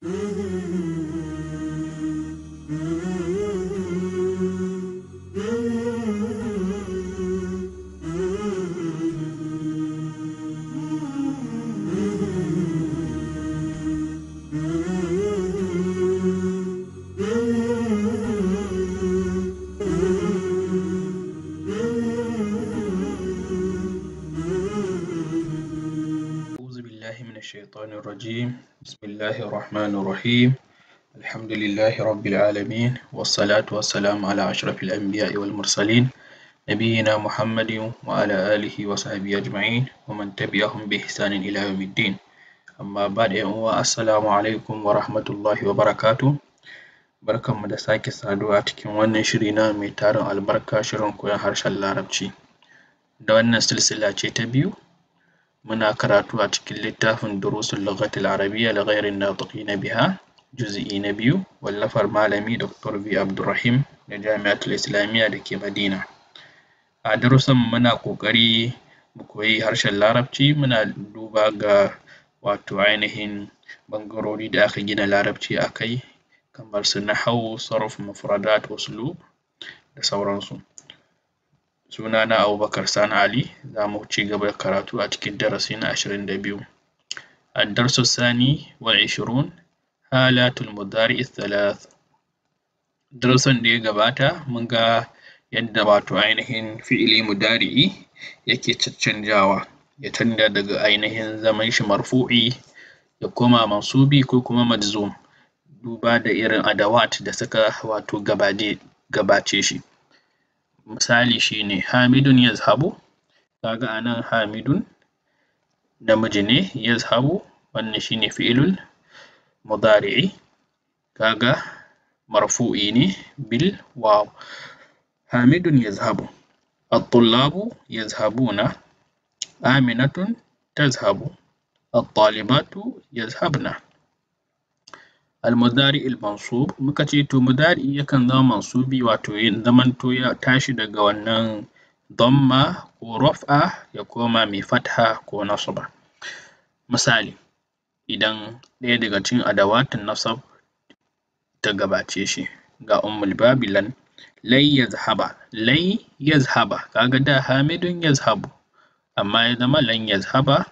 Mm-hmm. Mm-hmm. الرحمن الرحيم الحمد لله رب العالمين والصلاة والسلام على أشرف الأنبياء والمرسلين نبينا محمد وعلى آله وصحبه أجمعين ومن تبعهم بإحسان إلى يوم الدين amma ba yan uwa assalamu alaikum wa rahmatullahi wa barakatu barkanmu da sake saduwa cikin wannan shiri na mai tarin albarka shirin koyon harshen larabci da wannan silsila ce ta biyu Muna karatu a cikin littafin Durusun Lughatil Arabiyya li ghairil natiqina biha juz'i na biyu wallafar Malami Dr. B. Abdulrahim na Jami'atul Islamiyya da ke Madina. A darussan muna ƙoƙari mu koyi harshen Larabci muna duba ga wato ainihin bangarori da aka gina Larabci a kai kamar su nahawu, sarf, mufradat, uslub da sauransu. Sunana Abubakar Sani Ali za mu ci gaba da karatu a cikin darasi na ashirin da biyu. sani: wa 20 halatul المضارع الثلاث darasin da ya gabata mun ga yadda wato ainihin fi'ili mudari'i yake caccanjawa ya canja daga ainihin zaman shi marfu'i ya koma mansubi ko kuma majzum duba da irin adawat da suka wato gabace shi misali shine Hamidun yazhabu kaga anan Hamidun namiji ne yazhabu wannan shine fi'ilul mudari'i kaga marfu'i ne bil waw Hamidun yazhabu الطلاب يذهبون آمنة تذهب الطالبات يذهبن almudari mansub muka ce to mudari yakan zama mansubi wato ya zamanto ya tashi daga wannan dhamma ko raf'a ya koma mai fatha ko nasba misali idan ɗaya daga cikin adawatin nasab ta gabace shi ga ummul babilan lai yazhaba lai yazhaba kaga da hamidun yazhabu amma ya zama lan yazhaba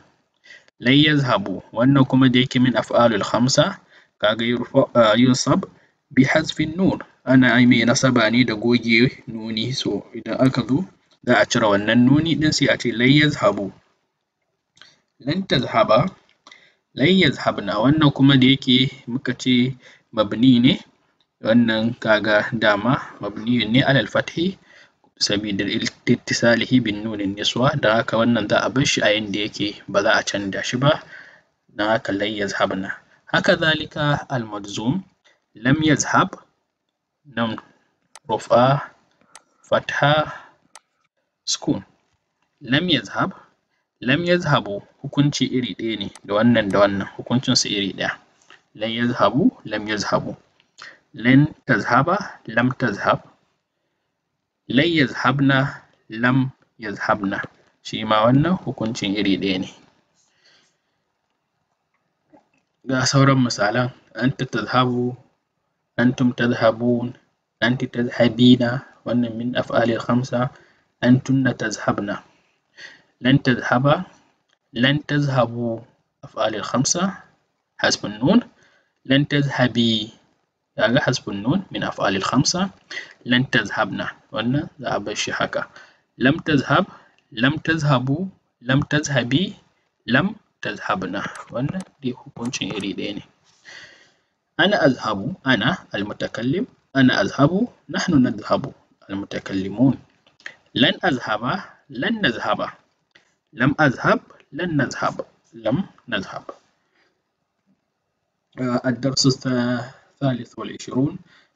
lai yazhabu wannan kuma da yake min af'alul khamsa kaga yunsab uh, bi hasfin nun ana yi mai nasaba ne da goge nuni so idan aka zo za a cire wannan nuni ɗin sai a ce lan yazhabu lan tazhaba lan yazhabna wannan kuma da yake muka ce mabni ne wannan kaga dama mabniyun ne alal fathi sabida ittisalihi bin nunin niswa da haka wannan za a bar shi a yanda yake ba za a canja shi ba Na haka lan yazhabna haka zalika al-madzum lam yazhab Nam rufa fatha sukun, lam Lam yazhabu hukunci iri ɗaya ne da wannan da wannan hukuncinsu iri ɗaya lam yazhabu lam yazhabu lan tazhaba lam tazhab lan yazhabna lam yazhabna shi ma wannan hukuncin iri ɗaya ne جاء سورة مسألة أنت تذهب أنتم تذهبون أنت تذهبين وأن من أفعال الخمسة أنتن تذهبن لن تذهب لن تذهبوا أفعال الخمسة حسب النون لن تذهبي يعني حسب النون من أفعال الخمسة لن تذهبنا وأن ذهب الشحكة لم تذهب لم تذهبوا لم تذهبي لم تذهب. تذهبنا وانا دي هونشن يري ديني انا اذهب انا المتكلم انا اذهب نحن نذهب المتكلمون لن اذهب لن نذهب لم اذهب لن نذهب لم نذهب الدرس الثالث والعشرون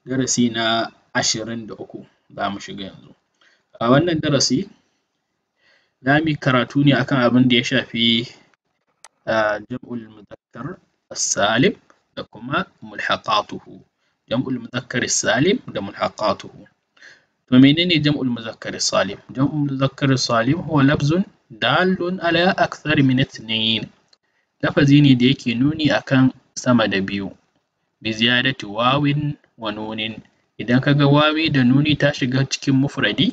درسينا عشرين دوكو دام شغنزو وانا درسي دامي كراتوني اكا ابن ديشا في Da jam'ul muzakkar salim da kuma mulhaqatuhu jam'ul muzakkar salim da mulhaqatuhu to menene jam'ul muzakkar salim jam'ul muzakkar salim huwa lafzun dalun ala aksar min ne lafazi ne da yake nuni akan sama da biyu bi ziyadati wawin wa nunin idan kaga wawi da nuni ta shiga cikin mufradi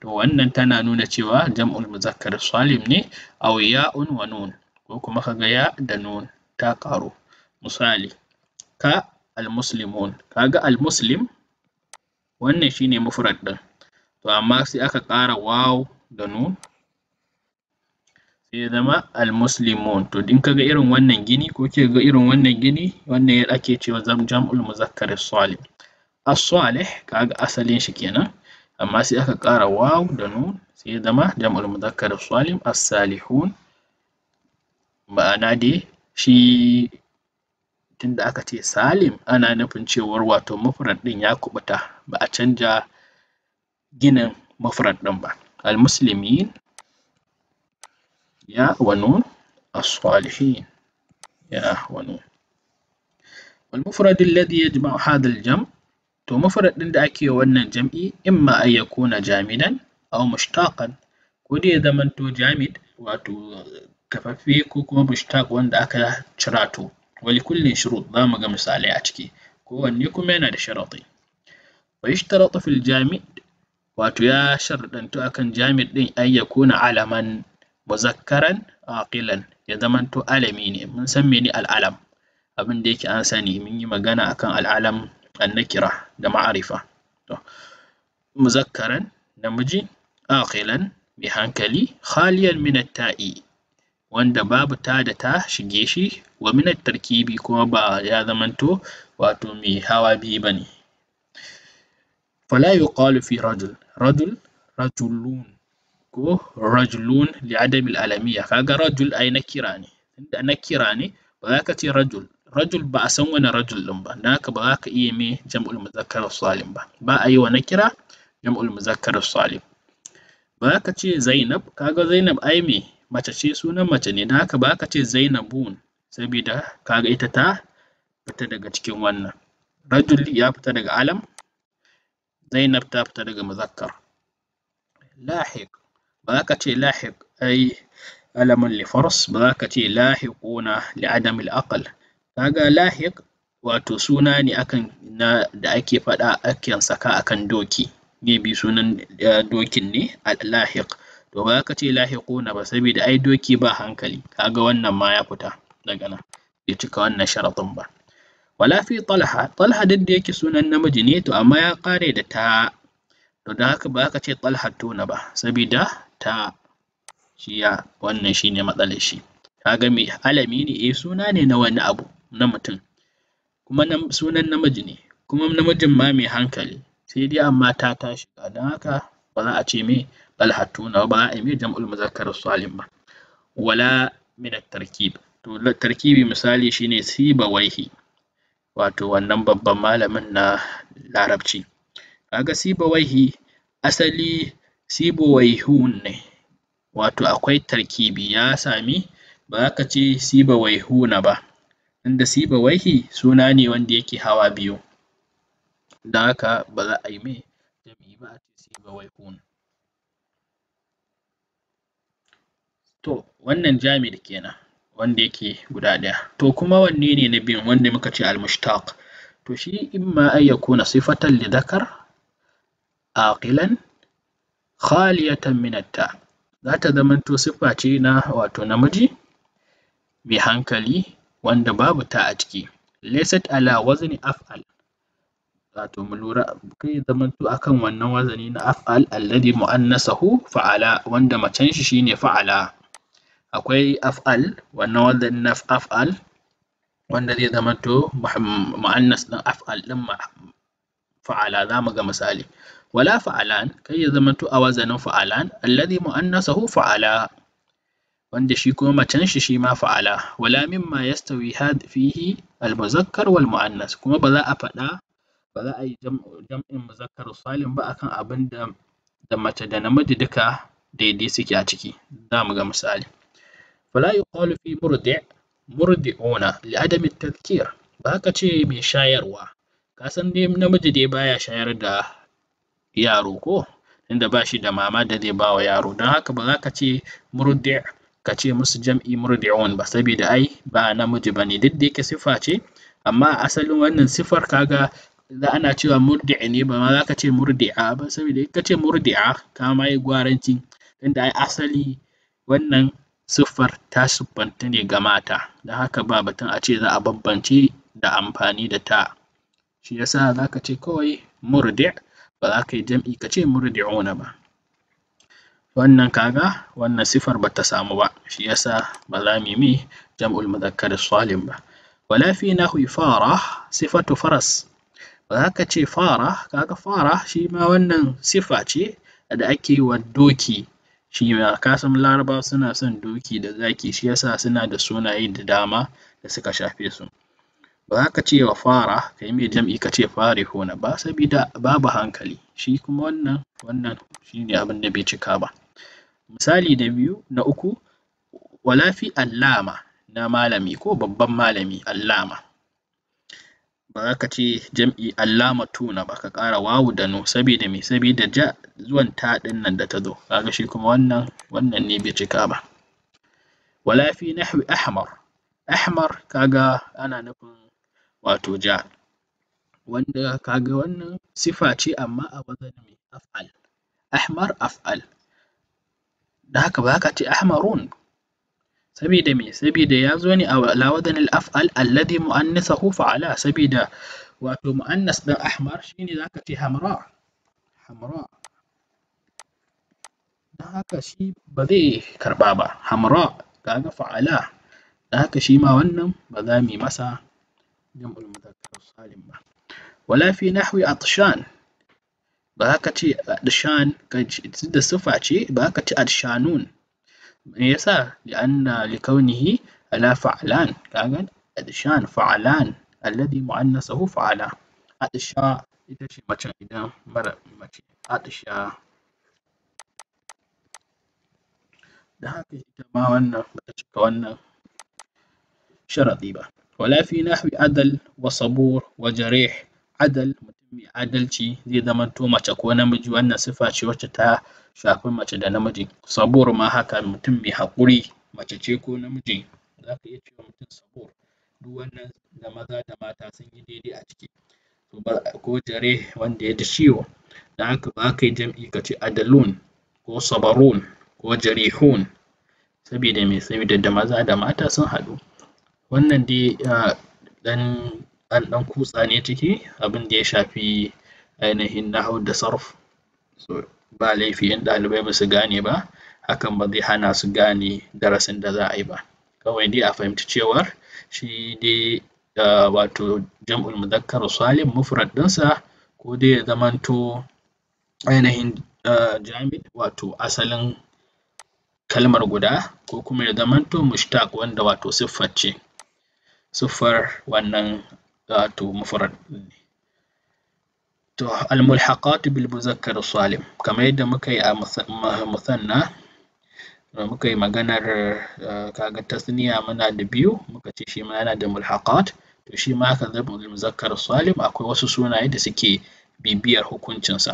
to wannan tana nuna cewa jam'ul muzakkar salim ne aw ya'un wa nun ko kuma ka ga ya da nun ta ƙaru misali ka almuslimun kaga almuslim wannan shi ne mufrad ɗin to amma sai aka ƙara waw da nun sai ya zama almuslimun to in ga irin wannan gini ko ke ga irin wannan gini wannan ake cewa jam'ul muzakkar salih as-salih ga asalin shi kenan amma sai aka ƙara waw da nun sai ya zama jam'ul muzakkar salih as-salihun ma'ana dai shi tunda aka ce Salim ana nufin cewar wato mufrad din ya kubuta ba a canja ginin mufrad din ba almuslimin ya wanu as-salihin ya wanu wal mufrad alladhi yajma'u hadha al-jam to mufrad din da ake wannan jam'i imma ay yakuna jamidan aw mushtaqan ko dai ya zamanto jamid wato kafaffe ko kuma mushtaq wanda aka cirato wa li kullin shurut zamu ga misalai a ciki kowanne kuma yana da sharaɗi wa yushtaratu fil jami' wato ya sharadantu akan jami' din an yakuna alaman muzakkaran aqilan ya zamanto alami ne mun san mene al'alam abin da yake an sani mun yi magana akan al'alam annakira da ma'arifa to muzakkaran namiji aqilan mai hankali khaliyan min ta'i wanda babu ta da ta shige shi wa minat tarkibi kuma ba ya zamanto wato mai hawa biyu ne. fala yuqalu fi rajul rajul rajulun ko rajulun li adami alamiya kaga rajul ai nakira ne tunda nakira ne ba za ka ce rajul rajul ba a san wani rajul din ba dan haka ba za ka iya mai jam'ul muzakkar salim ba ba a yi wa nakira jam'ul muzakkar salim ba za ka ce zainab kaga zainab ai me mace ce sunan mace ne da haka ba ce Zainabun sabida kaga ita ta fita daga cikin wannan rajul ya fita daga alam Zainab ta fita daga muzakkar lahiq ba ka ce lahiq ai alamun li ba ce lahiquna li adam al aql kaga lahiq wato suna ne akan na da ake faɗa akan saka akan doki bi sunan eh, dokin ne al lahiq to ba ka ce na ba saboda ai doki ba hankali kaga wannan ma ya fita daga nan bai cika wannan sharaɗin ba wala fi talha talha duk da yake sunan namiji ne to amma ya ƙare da ta to da haka ba ka ce talha na ba saboda ta ya wannan shine matsalar shi kaga me alami ne eh suna ne na wani abu na mutum kuma sunan namiji ne kuma namijin ma mai hankali sai dai amma ta tashi don haka ba za a ce me alhatuna ba a yi jam'ul muzakkar salim ba wala min tarkib to tarkibi misali shine sibawaihi wato wannan babban malamin na larabci kaga sibawaihi asali sibawaihun ne wato akwai tarkibi ya sami ba za ka ce sibawaihuna ba inda sibawaihi suna ne wanda yake hawa biyu don haka ba za a yi mai jam'i ba a ce To wannan Jamid kenan wanda yake guda ɗaya. To kuma wanne ne na biyun wanda muka ce al To shi ma an kuna sifatan li dhakar aqilan khaliyatan min atta. Za ta zamanto sifa ce na wato namiji mai hankali wanda babu ta a ciki. Laysat ala wazni af'al. Wato mu lura kai to akan wannan wazani na af'al alladhi mu'annasahu fa'ala wanda macen shi shine fa'ala. akwai af'al wannan wanda na af'al wanda zai zamanto mu'annas ɗin af'al ɗin fa'ala za mu ga misali wala fa'alan kai ya zamanto a wazanin fa'alan alladhi mu'annasahu fa'ala wanda shi kuma macen shi shi ma fa'ala wala mimma yastawi fihi al wal mu'annas kuma ba za a faɗa ba za a yi jam'in muzakkar salim ba akan abin da da mace da namiji duka daidai suke a ciki za mu ga misali فلا يقال في murdi murdi'una li'adami tazkir ba ka ce mai shayarwa kasan san dai namiji dai baya shayar da yaro ko inda ba shi da mama da zai ba wa yaro don haka ba za ka ce murdi' ka ce musu jam'i murdi'un ba saboda ai ba namiji ba ne duk da yake sifa ce amma asalin wannan sifar kaga da ana cewa murdi'i ne ba ma za ka ce murdi'a ba saboda in ka ce murdi'a ka ma yi gwaranci tunda ai asali wannan Siffar ta siffantu ne ga mata, don haka ba batun a ce za a bambance da amfani da ta. Shi ya sa za ka ce kawai murdi' ba za ka yi jam'i ka ce murdi'una ba. Wannan kaga wannan sifar ba ta samu ba, shi ya sa ba za mu yi mai jam'ul muzakkar salim ba. Wala fi hui fara sifatu faras ba za ka ce fara kaga fara shi ma wannan sifa ce da ake wa doki shi ma ka san Larabawa suna son doki da zaki shi yasa suna da sunaye da dama da suka shafe su. Ba za ka ce wa fara kai mai jam'i ka ce na ba sabida babu hankali shi kuma wannan wannan shi ne abin da bai cika ba. Misali na biyu na uku wala fi allama na malami ko babban malami allama. ba za ka ce jam'i tuna ba ka ƙara wawu da sabida me sabida ja zuwan ta ɗin nan da ta zo kaga shi kuma wannan wannan ne bai cika ba wala fi nahwi ahmar ahmar kaga ana nufin wato ja wanda kaga wannan sifa ce amma a mai af'al ahmar af'al da haka ba za ka ce ahmarun sabida me sabida ya zo ne ala wadanil af'al alladhi mu'annasahu fa'ala sabida wato mu'annas ɗin ahmar shine zaka ce hamra hamra don haka shi ba zai karba ba hamra kaga fa'ala don haka shi ma wannan ba za mu masa jam'ul mudhakkar salim ba wala fi nahwi atshan ba za ka ce atshan da sifa ce ba za ka ce atshanun يسا لأن لكونه لا فعلان كاغن أدشان فعلان الذي مؤنثه فعلا أدشا إدشي ماتشا إدا مرة ماتشي أدشا دهاك إدا ما وانا بتشك وانا شرطي ولا في نحو عدل وصبور وجريح عدل mai adalci zai zamanto mace ko namiji wannan siffa ce wacce ta shafi mace da namiji sabur ma haka mutum mai haƙuri mace ce ko namiji za ka iya cewa mutum sabur duk wannan da maza da mata sun yi daidai a ciki ko zare wanda ya ji ciwo don haka ba ka yi jam'i ka ce adalun ko sabarun ko jarihun sabida me sabida da maza da mata sun haɗu wannan dai ah, ɗan an ɗan kutsa ne ciki abin da ya shafi ainihin nahau da sarf ba laifi in ɗalibai ba su gane ba hakan ba zai hana su gane darasin da za a yi ba kawai dai a fahimci cewar shi dai wato jam'ul muzakkar salim mufrad ɗinsa ko dai ya zamanto ainihin jamid wato asalin kalmar guda ko kuma ya zamanto mushtaq wanda wato siffar ce siffar wannan wato mufrad ne to almulhaqatu bil muzakkar salim kamar yadda muka yi a musanna muka yi maganar kaga tasniya muna da biyu muka ce shi ma yana da mulhaqat to shi ma haka zabul muzakkar salim akwai wasu sunaye da suke bibiyar hukuncinsa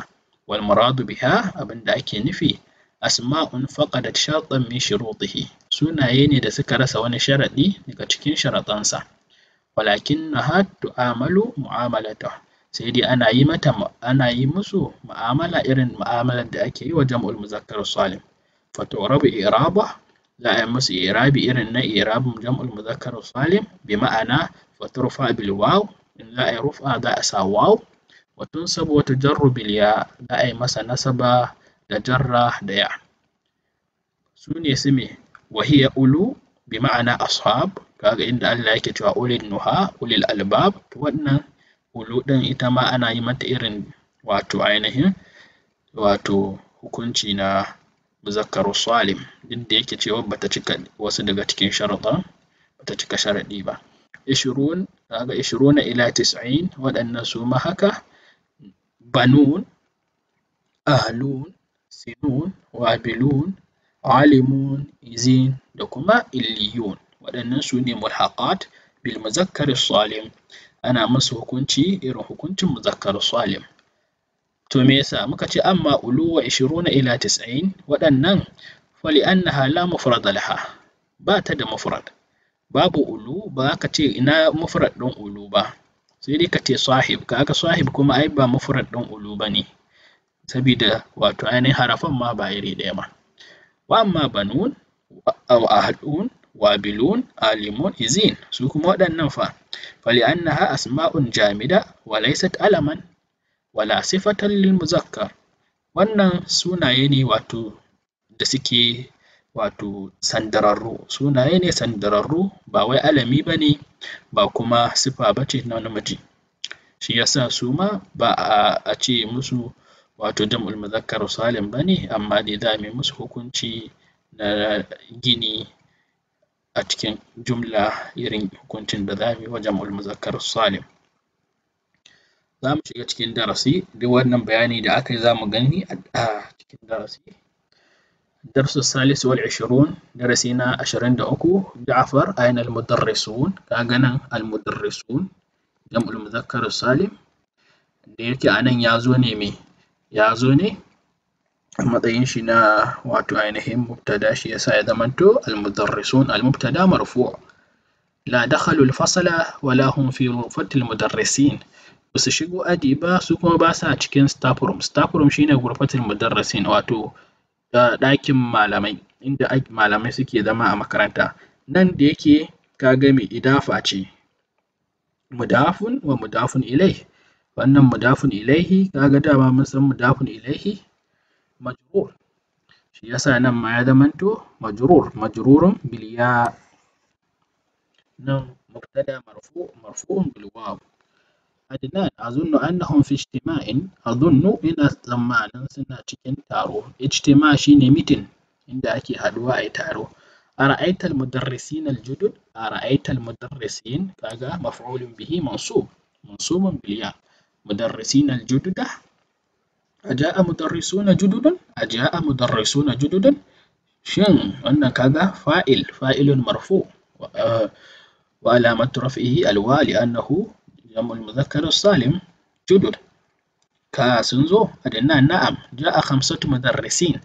wal muradu biha abinda ake nufi asma'un faqadat shartan min shurutihi sunaye ne da suka rasa wani sharadi daga cikin sharaɗansa walakin nahat tu'amalu mu'amalata sai dai ana yi mata ana yi musu mu'amala irin mu'amalar da ake yi wa jam'ul muzakkar salim fa tu'rabu i'raba za a yi musu i'rabi irin na i'rabin jam'ul muzakkar salim bi ma'ana fa turfa bil waw in za a yi rufa za a sa waw wa tunsabu wa tujarru bil ya za a yi masa nasaba da jarra da ya su ne su me wahiya ulu bi ma'ana ashab kaga inda Allah yake cewa ulil nuha ulil albab to wannan ulu din ita ma ana yi mata irin wato ainihin wato hukunci na muzakkaru salim inda yake cewa bata cika wasu daga cikin sharuɗa bata cika sharaɗi ba ishirun kaga ishiruna ila tis'in waɗannan su ma haka banun ahlun sinun wabilun alimun izin da kuma illiyun waɗannan su ne mulhaƙat bil muzakkar salim ana masu hukunci irin hukuncin muzakkar salim to me yasa muka ce amma ulu wa 20 ila 90 waɗannan fali annaha la mufrad laha ba ta da mufrad babu ulu ba ka ce ina mufrad ɗin ulu ba sai dai ka ce sahib kaga sahib kuma ai ba mufrad ɗin ulu ba ne sabida wato ainihin harafan ma ba iri ɗaya ba wa amma banun aw ahadun wabilun alimun izin su kuma waɗannan fa fali annaha asma'un jamida wa laysat alaman wala sifatan lil muzakkar wannan sunaye ne wato da suke wato sandararru sunaye ne sandararru ba wai alami ba ne ba kuma sifa ba ce na namiji shi yasa su ma ba a ce musu wato jam'ul muzakkar salim ba ne amma dai za mu musu hukunci na gini a cikin jumla irin hukuncin da za mu yi wajen ulmuzakar salim za mu shiga cikin darasi da wannan bayanin da aka yi za mu gani a cikin darasi darsu salisu wal ashirun darasi na ashirin da uku ja'far ayin al-mudarrisun ka ga nan al-mudarrisun jam'ul muzakkar salim da yake a nan zo ne me ya zo ne a matsayin shi na wato ainihin mubtada shi yasa ya zamanto almudarrisun almubtada marfu' la dakhalu alfasala wala hum fi ghurfati almudarrisin basu shigo adi ba su kuma ba sa cikin staff room staff room shine ghurfatul mudarrisin wato ɗakin malamai inda malamai suke zama a makaranta nan da yake ka ga mai idafa ce mudafun wa mudafun ilai wannan mudafun ilaihi kaga dama mun san mudafun ilaihi majrur shi yasa nan ma ya zamanto majrur majrurun bil ya nan mubtada marfu marfu'un bil waw adnan azunnu annahum fi ijtima'in azunnu ina tsammanin suna cikin taro ijtima shine meeting inda ake haduwa a yi taro أرأيت المدرسين الجدد أرأيت المدرسين كذا مفعول به منصوب منصوب بالياء مدرسين الجدد aja'a mudarrisuna jududun aja'a mudarrisuna jududun shin wannan kaga fa'il fa'ilun marfu wa eh, alamat raf'ihi alwa li'annahu jamul mudhakkar salim judud ka sun zo na'am ja'a khamsatu mudarrisin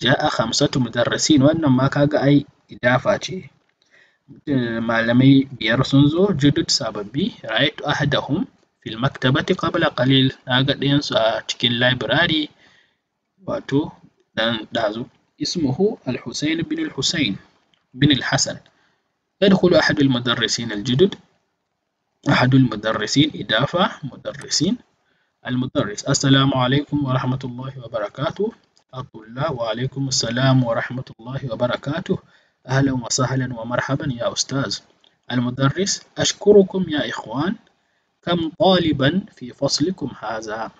ja'a khamsatu mudarrisin wannan ma kaga ai idafa ce eh, Malami? biyar sun zo judud sababbi ra'aytu ahadahum في المكتبة قبل قليل أجد ɗayan تكين a واتو دان دازو اسمه الحسين بن الحسين بن الحسن يدخل أحد المدرسين الجدد أحد المدرسين إدافة مدرسين المدرس السلام عليكم ورحمة الله وبركاته الطلاب وعليكم السلام ورحمة الله وبركاته أهلا وسهلا ومرحبا يا أستاذ المدرس أشكركم يا إخوان كم طالبا في فصلكم هذا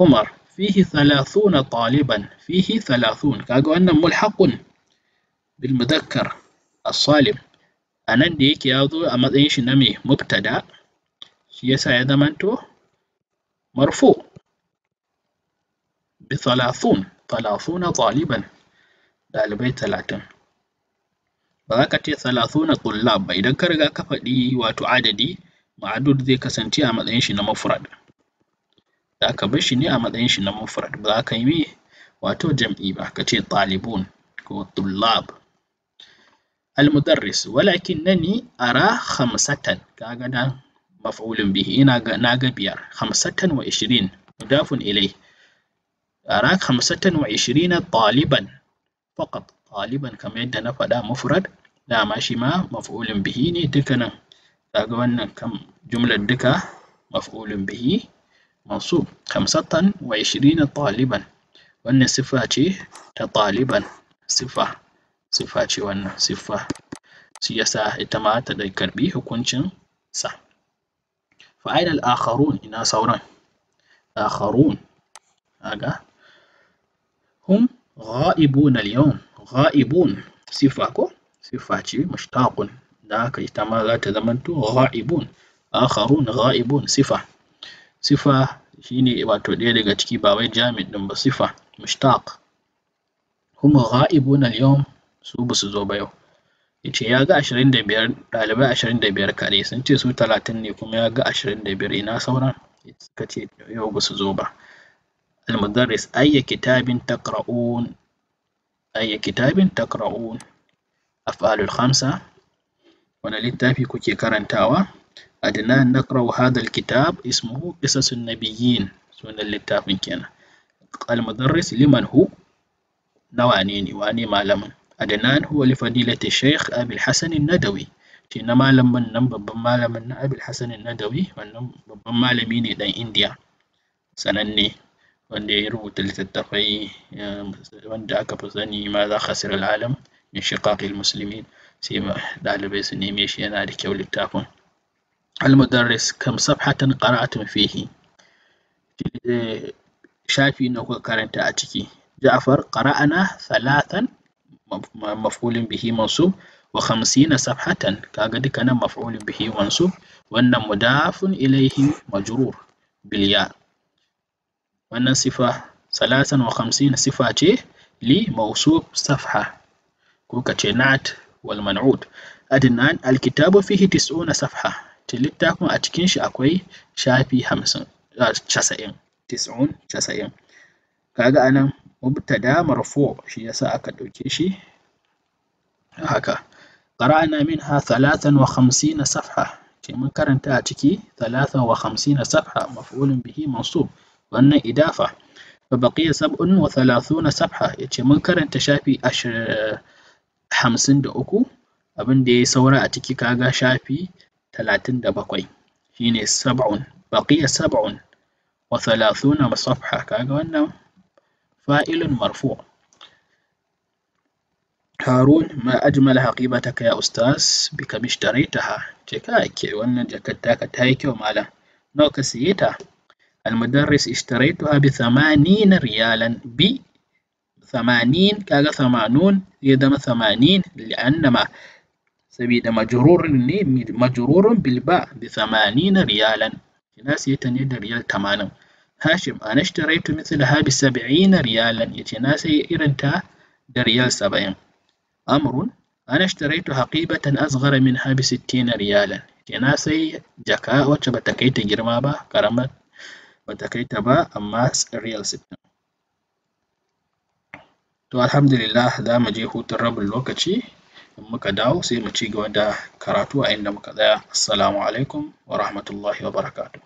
عمر فيه ثلاثون طالبا فيه ثلاثون kaga wannan mulhaqun bil mudakkar as-salim anan da yake zo a matsayin shi na mai mubtada shi yasa ya zamanto marfu bi 30 30 taliban dalibai 30 ce 30 tullab ba idan ka riga ka faɗi wato adadi ma'adud zai kasance a matsayin shi na mufrad da aka bar shi ne a matsayin shi na mufrad ba za ka yi mai wato jam'i ba ka ce ɗalibun ko tullab almudarris walakin nani ara khamsatan kaga nan maf'ulun bihi ina ga na ga biyar khamsatan wa ishirin mudafun ilai ara khamsatan wa 20 ɗaliban faqat ɗaliban kamar yadda na faɗa mufrad dama shi ma maf'ulun bihi ne dukkanin تاغوان كم جملة دكا مفعول به منصوب خمسة وعشرين طالبا وانا صفاتي تطالبا صفة صفاتي وانا صفة سياسة اتماع تذكر به كونشن سا فأين الآخرون إنا صوران آخرون أغا. هم غائبون اليوم غائبون صفة كو مشتاقون هناك احتمالات zamanto غائبون akharun غائبون sifa sifa shine wato ɗaya daga ciki ba wai jami' ɗin ba sifa mushtaq hum ghaibuna al-yawm su basu zo ba yau yace ya ga 25 ɗalibai 25 kare sun ce su 30 ne kuma ya ga 25 ina sauran suka ce yau basu zo ba al-mudarris ayya kitabin taqra'un ayya kitabin taqra'un af'alul khamsa Wani littafi kuke karantawa? Adnan naqra'u hadha kitab ismuhu qisasun nabiyyin sunan littafin kenan. Al-mudarris liman hu na wane ne wane malamin? Adnan huwa li fadilati Sheikh Abil Hassan Nadawi. Shi na malamin nan babban malamin na Abil Hassan Nadawi wannan babban malami ne dan Indiya sananne wanda ya rubuta littattafai eh, wanda aka fi sani ma za khasir al-alam min shiqaqil muslimin. sai ɗalibai su neme shi yana da kyau littafin almudarris kam safhatan qara'atun fihi shafi na kuka karanta a ciki ja'far qara'ana thalathan maf'ulun bihi mansub wa khamsina safhatan kaga dukkanin nan maf'ulun bihi mansub wannan mudafun ilaihi majrur bil ya wannan sifa salatan wa khamsina sifa ce li mawsuf safha ko ce na'at والمنعود أدنان alkitabu fihi tis'una safha littafin a cikin shi akwai shafi hamsin casa'in tis'un kaga anan mubtada marfu shi yasa aka ɗauke shi haka qara'na minha thalathan wa khamsina safha ce mun karanta a ciki thalathan wa khamsina safha maf'ulun bihi mansub wannan idafa fa baqiya sab'un wa yace mun karanta shafi hamsin da uku abinda ya saura a ciki kaga shafi talatin da bakwai shine sab'un baqiya sab'un wa thalathuna safha kaga wannan fa'ilun marfu' هارون ما أجمل حقيبتك يا أستاذ بكم اشتريتها جكاك وانا جكتاك تايك ومالا نوك سيتا المدرس اشتريتها بثمانين ريالا بي ثمانين كاغا ثمانون يدما ثمانين لأنما سبيد مجرور مجرور بالباء بثمانين ريالا ناس يتنيد ريال تمانا هاشم أنا اشتريت مثلها بسبعين ريالا يتناس إرنتا دريال سبعين أمر أنا اشتريت حقيبة أصغر منها بستين ريالا يتناس جكا وشبتكيت جرمابا كرمت وتكيت با أما ريال ستين To alhamdulillah za mu je hutun rabin lokaci in muka dawo sai mu ci gaba da karatu a inda muka tsaya. Assalamu alaikum wa rahmatullahi wa barakatuh.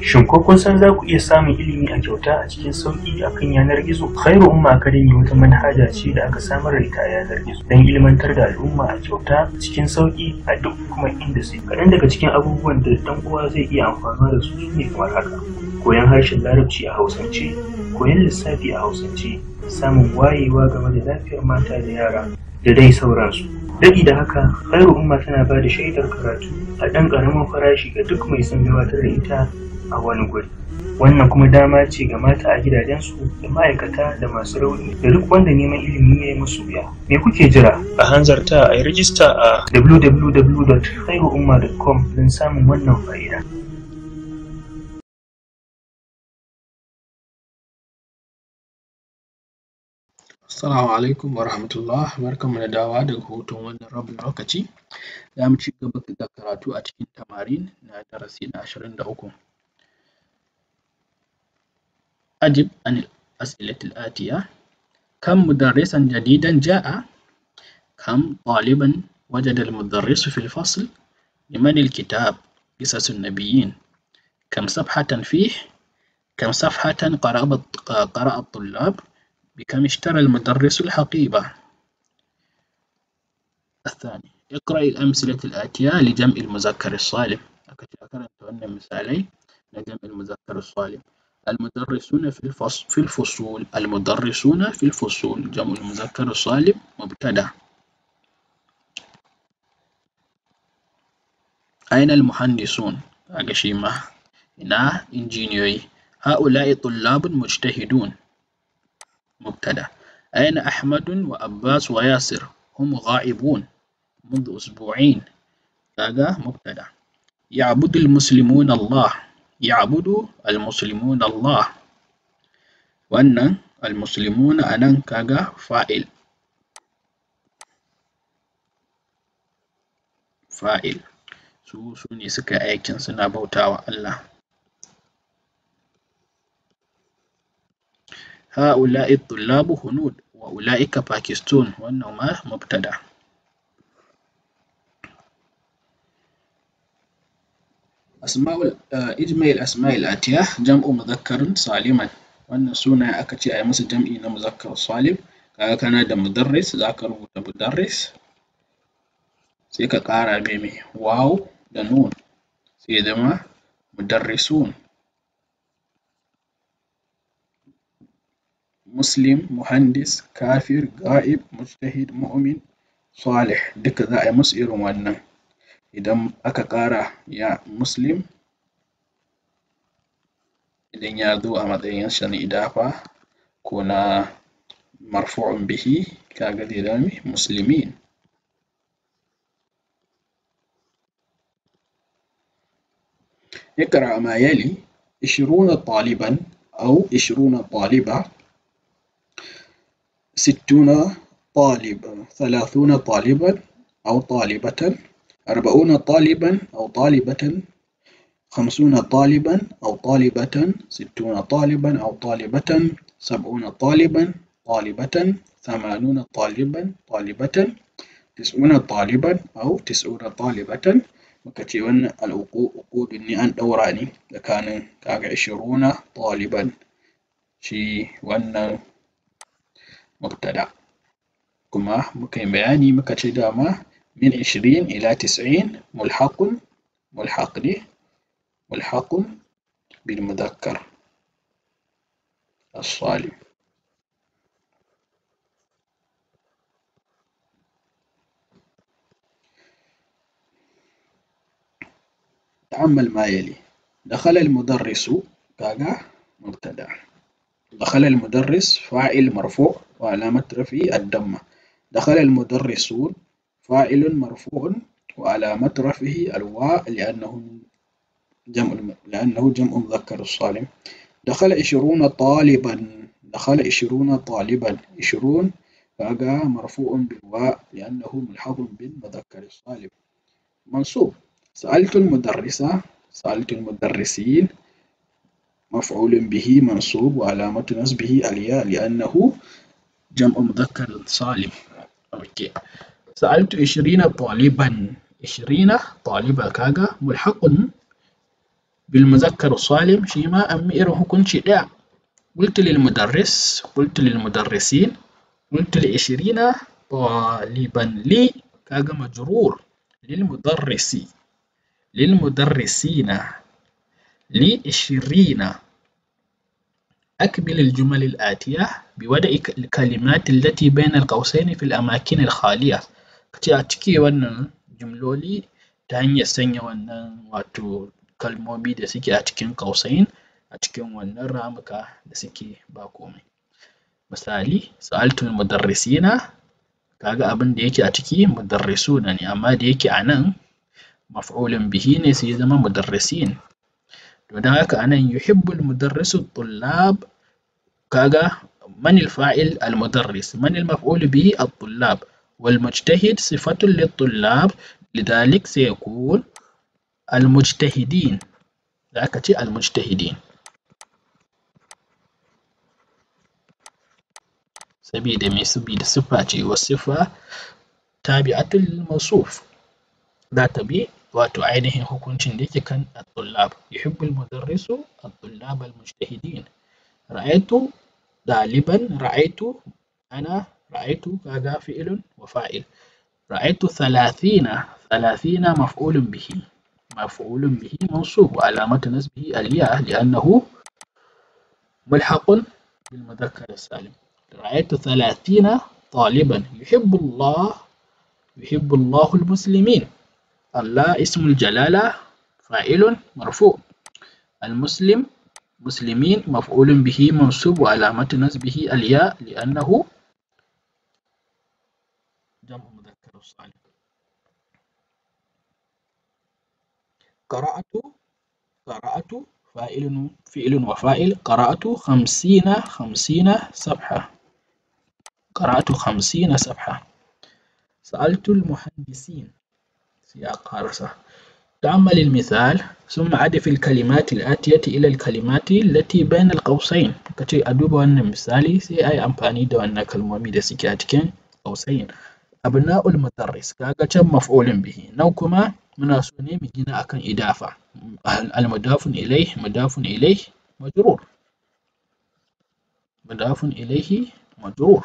Shin ko kun san za ku iya samun ilimi a kyauta a cikin sauƙi a kan yanar gizo? Khairu Umma Academy wata manhaja ce da aka samar da ita a yanar gizo don ilmantar da al'umma a kyauta cikin sauƙi a duk kuma inda su. Kaɗan daga cikin abubuwan da ɗan uwa zai iya amfana da su ne kamar haka. Koyon harshen Larabci a Hausance, koyon lissafi a Hausance, samun wayewa game da lafiyar mata da yara da dai sauransu. Daɗi da haka, Khairu Umma tana ba da shaidar karatu a ɗan ƙaramin farashi ga duk mai son gabatar da ita a wani guri wannan kuma dama ce ga mata a gidajensu da ma'aikata da masu rauni da duk wanda neman ilimi ya yi musu biya me kuke jira a hanzarta a yi rijista a www.khairuumma.com don samun wannan fa'ida Assalamu alaikum warahmatullah barkanmu da dawa daga hoton wannan rabin lokaci za mu ci gaba da karatu a cikin tamarin na darasi na ashirin da uku أجب عن الأسئلة الآتية كم مدرسا جديدا جاء؟ كم طالبا وجد المدرس في الفصل؟ لمن الكتاب؟ قصص النبيين كم صفحة فيه؟ كم صفحة قرأ الطلاب؟ بكم اشترى المدرس الحقيبة؟ الثاني اقرأ الأمثلة الآتية لجمع المذكر الصالح. أكتب أن مثالي لجمع المذكر الصالح المدرسون في الفصل في الفصول المدرسون في الفصول جمع المذكر الصالب مبتدأ أين المهندسون أجشيما هنا إنجينيوي هؤلاء طلاب مجتهدون مبتدأ أين أحمد وأباس وياسر هم غائبون منذ أسبوعين هذا مبتدأ يعبد المسلمون الله ya'budu al-muslimuna Allah wannan al-muslimuna anan kaga fa'il fa'il su su ne suka aikin suna bautawa Allah ha'ula'i tullabu hunud wa ula'ika pakistan wannan ma mubtada Asma'ul uh, ijma'il asma'il atiya jam'u muzakkarin saliman wannan sunayen aka ce a yi musu jam'i na muzakkar salim kaga kana da mudarris za ka rubuta mudarris sai ka ƙara mai me da nun sai zama mudarrisun muslim muhandis kafir ga'ib mujtahid mu'min salih duka za a yi musu irin wannan idan aka ƙara ya muslim idan ya zo a matsayin sa na idafa ko na marfu'un bihi kaga zai zama muslimin اقرأ ما يلي 20 طالبا أو 20 طالبة 60 طالبا 30 طالبا أو طالبة أربعون طالبا أو طالبة خمسون طالبا أو طالبة ستون طالبا أو طالبة سبعون طالبا طالبة ثمانون طالبا طالبة تسعون طالبا أو تسعون طالبة muka الوقود وقود al'ukudin ne an ɗaura ne tsakanin kaga ishiruna ɗaliban shi wannan mubtada kuma muka من عشرين إلى تسعين ملحق ملحق لي ملحق بالمذكر الصالب تعمل ما يلي دخل المدرس كاغا مبتدا دخل المدرس فاعل مرفوع وعلامة رفعه الدمة دخل المدرسون فاعل مرفوع وعلى مترفه الواء لأنه جمع لأنه جمع مذكر الصالم دخل عشرون طالبا دخل عشرون طالبا عشرون فقا مرفوع بالواء لأنه ملحق بالمذكر الصالم منصوب سألت المدرسة سألت المدرسين مفعول به منصوب وعلامة نصبه الياء لأنه جمع مذكر صالم أوكي سألت عشرين طالبا عشرين طالبا كاغا ملحق بالمذكر الصالم شيما أم إره كنش دا قلت للمدرس قلت للمدرسين قلت لعشرين طالبا لي كاغا مجرور للمدرسي للمدرسين لعشرين أكمل الجمل الآتية بوضع الكلمات التي بين القوسين في الأماكن الخالية ce a cike wannan jimloli ta hanyar sanya wannan wato kalmomi da suke a cikin kausayin a cikin wannan ramuka da suke ba komai misali sa'altu mudarrisina kaga abin da yake a ciki mudarrisuna ne amma da yake a nan maf'ulun bihi ne sai ya zama mudarrisin to don haka a nan yuhibbul mudarrisu tullab kaga man fa'il al mudarris man maf'ul bihi at tullab والمجتهد صفة للطلاب لذلك سيكون المجتهدين ذاك المجتهدين سبيد مي سبيد صفاتي والصفة تابعة للموصوف ذات بي واتو عينه حكم شنديك كان الطلاب يحب المدرس الطلاب المجتهدين رأيت طالبا رأيت أنا رأيت هذا فعل وفاعل رأيت ثلاثين ثلاثين مفعول به مفعول به منصوب وعلامة نسبه الياء لأنه ملحق بالمذكر السالم رأيت ثلاثين طالبا يحب الله يحب الله المسلمين الله اسم الجلالة فاعل مرفوع المسلم مسلمين مفعول به منصوب وعلامة نسبه الياء لأنه جمع مذكر الصالح قرأت قرأت فاعل فعل وفاعل قرأت خمسين خمسين صفحة قرأت خمسين صفحة سألت المهندسين سياق هرسة تعمل المثال ثم عد في الكلمات الآتية إلى الكلمات التي بين القوسين كتير أدوب أن مثالي سي أي أمباني دو أنك كلمة سيكاتكين قوسين أبناء المدرس kaga can maf'ulun bihi nan kuma muna so ne mu gina akan idafa al mudafun ilaih mudafun ilaih majrur mudafun ilaihi majrur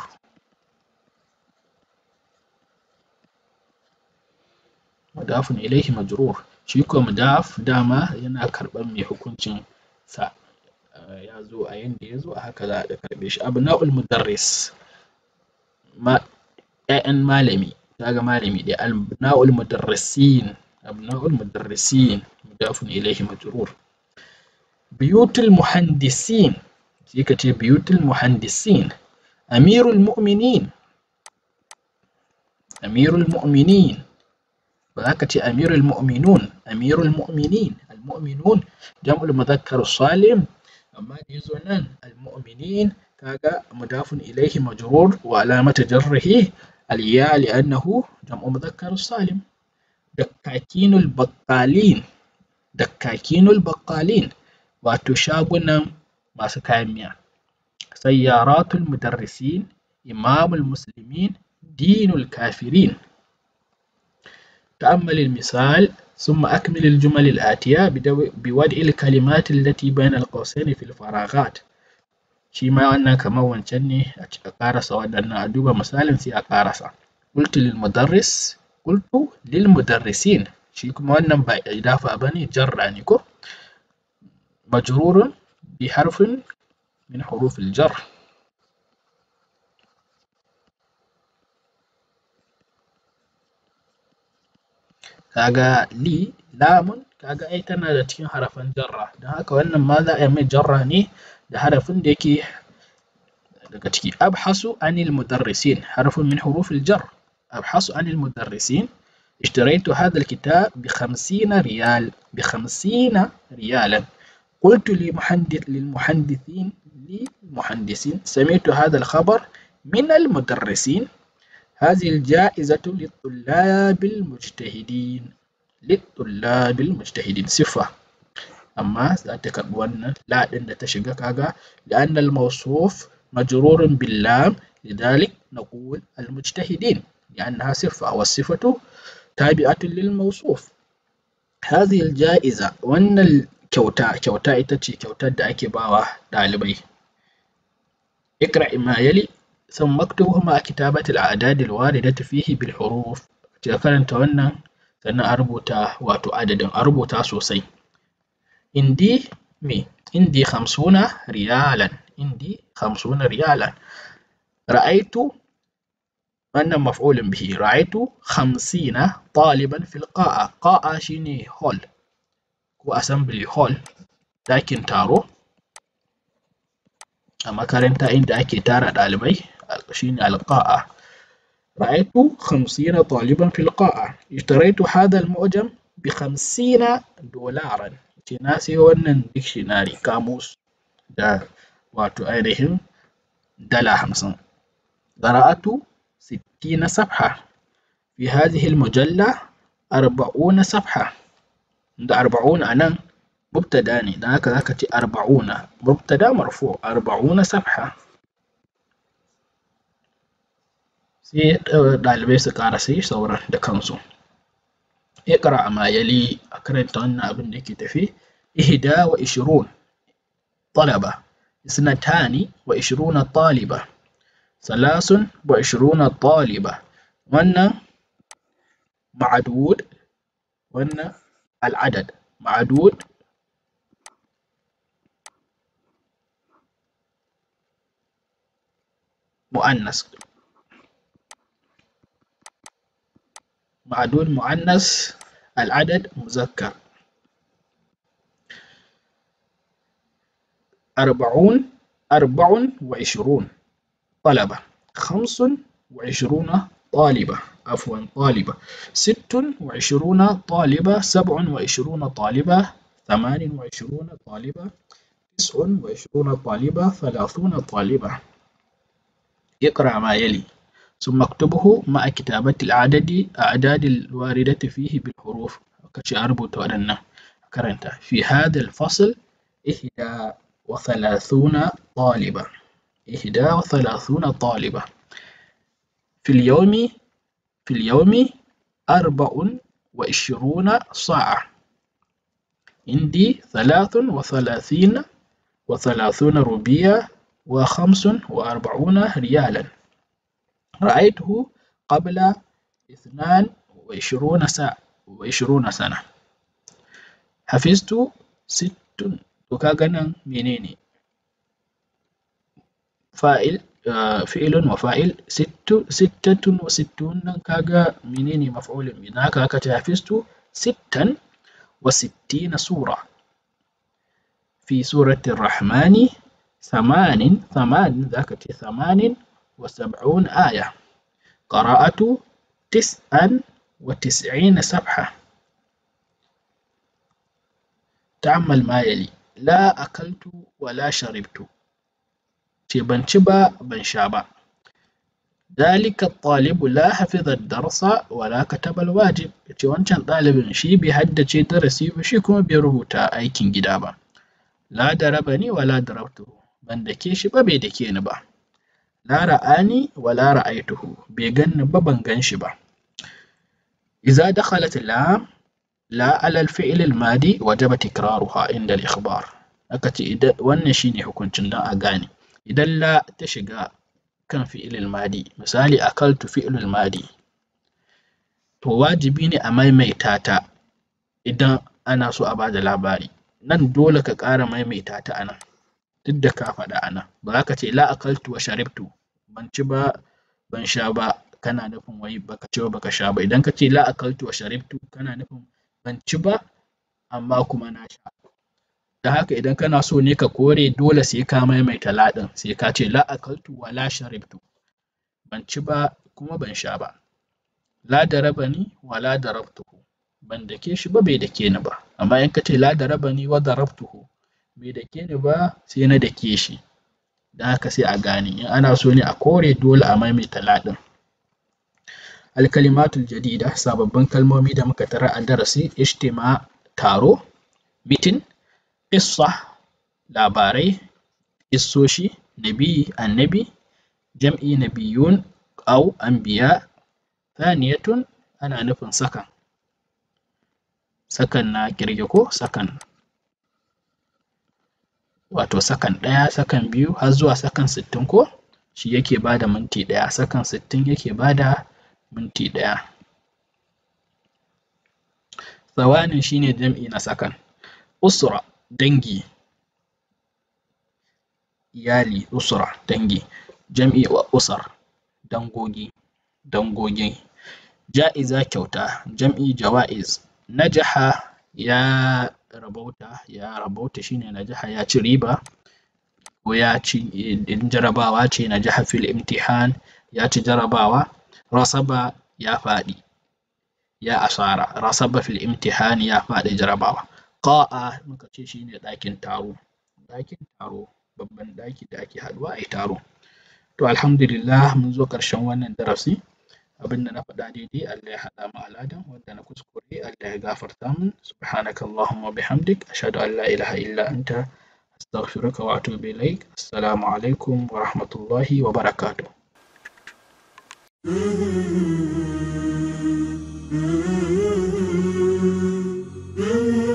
mudafun ilaihi majrur shi ko mudaf dama yana karɓan mai hukuncin sa ya zo a yanda ya zo a haka za a karɓe shi abna'ul mudarris ma ƴaƴan malami kaga malami ɗaya abna'ul mudarrisin abna'ul mudarrisin mudafun ilaihi majrur biyutul muhandisin sai ka ce biyutul muhandisin amirul mu'minin amirul mu'minin ba za ka ce amirul mu'minun amirul mu'minin al-mu'minun jam'ul mudhakkar salim amma da yazo nan al-mu'minin kaga mudafun ilaihi majrur wa alamata jarrihi الياء لأنه جمع مذكر سالم دكاكين البقالين دكاكين البقالين wato shagunan masu سيارات المدرسين إمام المسلمين دين الكافرين تأمل المثال ثم أكمل الجمل الآتية بوضع الكلمات التي بين القوسين في الفراغات shi ma wannan kamar wancan ne a cika karasa waɗannan a duba misalin sai a karasa qultu lil mudarris qultu lil mudarrisin shi kuma wannan ba idafa bane jarra ne ko majrurun bi harfin min huruf al jar kaga li lamun kaga ai tana da cikin harafan jarra don haka wannan ma za a yi mai jarra ne da harafin da yake daga ciki abhasu anil mudarrisin harafin min hurufil jar abhasu anil mudarrisin اشتريت هذا الكتاب بخمسين ريال بخمسين ريالا قلت لمحدث للمحدثين للمهندسين سمعت هذا الخبر من المدرسين هذه الجائزة للطلاب المجتهدين للطلاب المجتهدين صفة amma za ta karɓi wannan la ɗin da ta shiga kaga da annal mawsuf majrurun bil lam lidhalik naqul al mujtahidin لأنها صفة والصفة تابعة للموصوف هذه الجائزة وأن الكوتا كوتا إتتي كوتا دا أكي باوا دالبي اقرأ ما يلي ثم اكتبه مع كتابة الأعداد الواردة فيه بالحروف تذكرن تونا سنة أربوتا واتو عددا أربوتا سوسي عندي مي عندي خمسون ريالا عندي خمسون ريالا رأيت أن مفعول به رأيت خمسين طالبا في القاعة قاعة شيني هول كو أسمبلي هول لكن تارو أما كارنتا عند أكي تارا دالبي شيني القاعة رأيت خمسين طالبا في القاعة اشتريت هذا المعجم بخمسين دولارا ce na siyo wannan dictionary kamus da wato ainihin dala hamsin قرأت ستين صفحة في هذه المجلة أربعون صفحة ده أربعون أنا مبتدا ني ده هكذا كتي أربعون مبتدا مرفوع أربعون صفحة sai eh, ɗalibai su ƙara sai sauran da kansu اقرأ ما يلي أكرمت أنا أبن ديكي تفي إهدا وإشرون طلبة اثنتان وعشرون طالبة ثلاث وعشرون طالبة وأن معدود وأن العدد معدود مؤنث معدود مؤنث العدد مذكر أربعون أربع وعشرون طلبة خمس وعشرون طالبة عفوا طالبة ست وعشرون طالبة سبع وعشرون طالبة ثمان وعشرون طالبة تسع وعشرون طالبة ثلاثون طالبة اقرأ ما يلي ثم اكتبه مع كتابة العدد أعداد الواردة فيه بالحروف كشأربط تورنا كرنتا في هذا الفصل إحدى وثلاثون طالبة إحدى وثلاثون طالبة في اليوم في اليوم أربع وعشرون ساعة عندي ثلاث وثلاثين وثلاثون ربيع وخمس وأربعون ريالا رأيته قبل اثنان وعشرون ساعة وعشرون سنة حفظت ست وكاغنا منيني فائل آه، فعل وفاعل ست ستة وستون كاغا منيني مفعول من كاكا حفظت ستا وستين سورة في سورة الرحمن ثمان ثمان ذاك ثمان وسبعون آية قراءة تسعا وتسعين صفحة تعمل ما يلي لا أكلت ولا شربت شبن شبا بن ذلك الطالب لا حفظ الدرس ولا كتب الواجب شوان شان طالب شي بهد شي درسي وشي كما بيربوتا أي كينجدابا لا دربني ولا دربته من دكيش ببي دكين la ra'ani wa la ra'aituhu bai ganni ba ban gan shi ba Iza دخلت اللام fi'ilin madi waje ba وجب inda عند الإخبار Aka ce wannan shine hukuncin dan a gane idan la ta shiga kan fi'ilin madi misali akaltu fi'ilil madi to wajibi ne a maimaita ta idan ana so a bada labari nan dole ka ƙara maimaita ta anan duk da ka faɗa anan ba za ka ce la akaltu wa sharibtu ban ci ba ban sha ba kana nufin wai baka ci ba baka sha ba idan ka ce la akaltu wa sharibtu kana nufin ban ci ba amma kuma na sha da haka idan kana so ne ka kore dole sai ka maimaita la sai ka ce la akaltu wa la sharibtu ban ci ba kuma ban sha ba la darabani wa la darabtuhu ban dake shi ba bai dake ni ba amma in ka ce la darabani wa darabtuhu bai dake ni ba sai na dake shi da haka sai a gane in ana so ne a kore dole a mai talaɗin. alkalimatul jadida sababbin kalmomi da muka tara a darasi Ishtima taro mitin issa labarai issoshi nabi annabi jam'i nabiyun au anbiya thaniyatun ana nufin sakan sakan na kirge ko sakan wato sakan ɗaya sakan biyu har zuwa sakan sittin ko shi yake bada minti ɗaya sakan sittin yake bada minti ɗaya tsawanin shine jam'i na sakan usra dangi iyali usra dangi jam'i wa usar dangogi dangogi ja'iza kyauta jam'i jawa'iz najaha ya ka rabauta ya rabauta shine najaha ya ci riba ko ya ci in jarabawa ce najaha fil imtihan ya ci jarabawa rasaba ya faɗi ya asara rasaba fil imtihan ya faɗi jarabawa qa'a muka ce shine ɗakin taro ɗakin taro babban ɗaki da ake haɗuwa a yi taro to alhamdulillah mun zo ƙarshen wannan darasi أبننا نفدا ديدي اللي حدا ما ألادم ودنا كسكوري اللي غافر ثامن سبحانك اللهم وبحمدك أشهد أن لا إله إلا أنت أستغفرك وأتوب إليك السلام عليكم ورحمة الله وبركاته Mm-hmm. Mm-hmm.